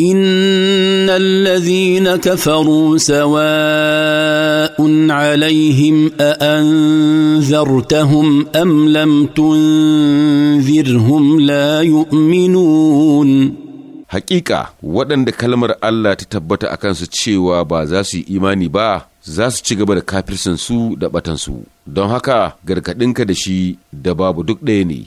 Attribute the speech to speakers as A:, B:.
A: ان الذين كفروا سواء عليهم اانذرتهم hum لم تنذرهم لا يؤمنون Haƙiƙa,
B: waɗanda kalmar Allah ta tabbata a kansu cewa ba za su yi imani ba za su ci gaba da kafirsansu da batansu don haka gargaɗinka da shi da babu duk ɗaya
C: ne